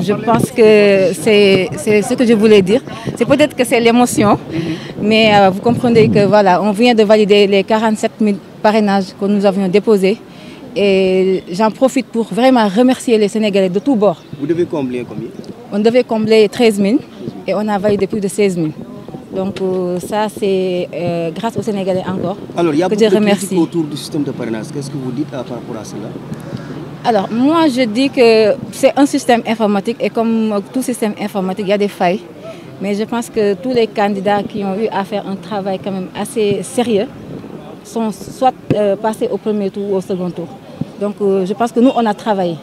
je pense que c'est ce que être que c'est l'émotion, mais euh, vous comprenez que voilà, on vient de valider les 47 000 parrainages que nous avions déposés. Et profite pour vraiment remercier les Sénégalais de tous bords. Vous devez combler combien On de 16 000. Donc euh, ça, c'est euh, grâce aux Alors, moi, je dis que c'est un système informatique et comme tout système informatique, il y a des failles. Mais je pense que tous les candidats qui ont eu à faire un travail quand même assez sérieux sont soit euh, passés au premier tour ou au second tour. Donc, euh, je pense que nous, on a travaillé.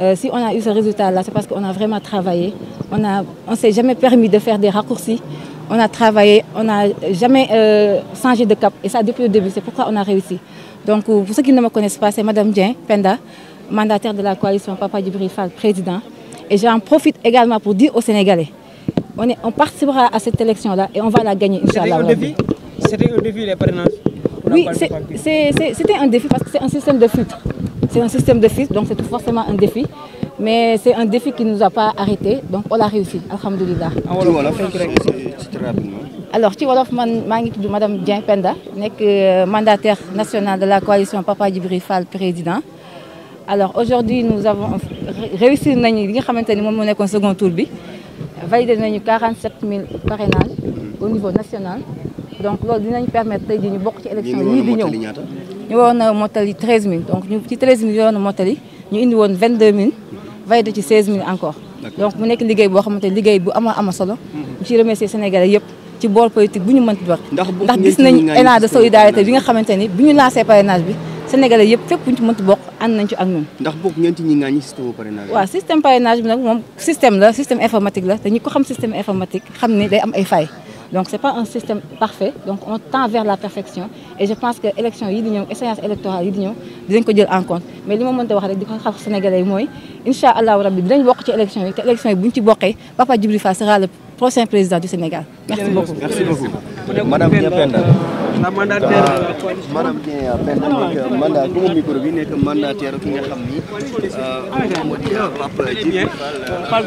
Euh, si on a eu ce résultat-là, c'est parce qu'on a vraiment travaillé. On ne on s'est jamais permis de faire des raccourcis. On a travaillé, on n'a jamais euh, changé de cap. Et ça, depuis le début, c'est pourquoi on a réussi. Donc, euh, pour ceux qui ne me connaissent pas, c'est Madame Dien Penda. mandataire de la coalition Papa Djibril Fall, président. Et j'en profite également pour dire aux Sénégalais, on, est, on à cette élection-là et on va la gagner, Inch'Allah. C'était un défi, les parrainages Oui, c'était un défi parce que c'est un système de filtre. C'est un donc c'est forcément un défi. Mais c'est un défi qui ne nous a pas arrêtés, donc on l'a réussi, alhamdoulilah. Ah, Alors, ci wolof man maa ngi tudd madame Dieng Penda nekk euh, mandataire nationale de la coalition Papa Djibril Fall président alors aujourd'hui nous avons réussi nañu li nga xamante ni moom moo nekkoon second tour bi validé nañu 47 000 parrainages au niveau national donc loolu dinañ permettre tey jii ñu bokk ci élection yii di ñëw ñu waroon a mottali 13 donc ñu ci 13 000 ñu waroon a mottali ñu indi woon 22 000 validé ci 16 000 encore donc mu nekk liggéey boo xamante ni liggéey bu ama ama solo ñu mm-hmm. ciy remercier Sénégalais yëpp ci boor politique bu ñu mënti dox ndax gis nañ élan de bi nga xamante ni bi ñu lancé parrainage bi sénégalais yëpp fépp buñ ci mënti bokk ànd nañ ci système parrainage. moom système la système informatique la te ñi ko xam système informatique xam ne day am donc c' pas un système parfait donc on tend vers la perfection et je pense que élection yi di ñëw échéance électorale yi di ñëw dinañ ko jël en compte mais li ma mënta wax di ko xaar sénégalais yi allahu rabbi dinañ bokk ci élection yi te élection ci bokkee Papa Djibril Fall sera le prochain président la mandataire maanaam ne mandat bu micro bi nekk mandataire ki nga xam ni euh, moom moo di Pape Djibril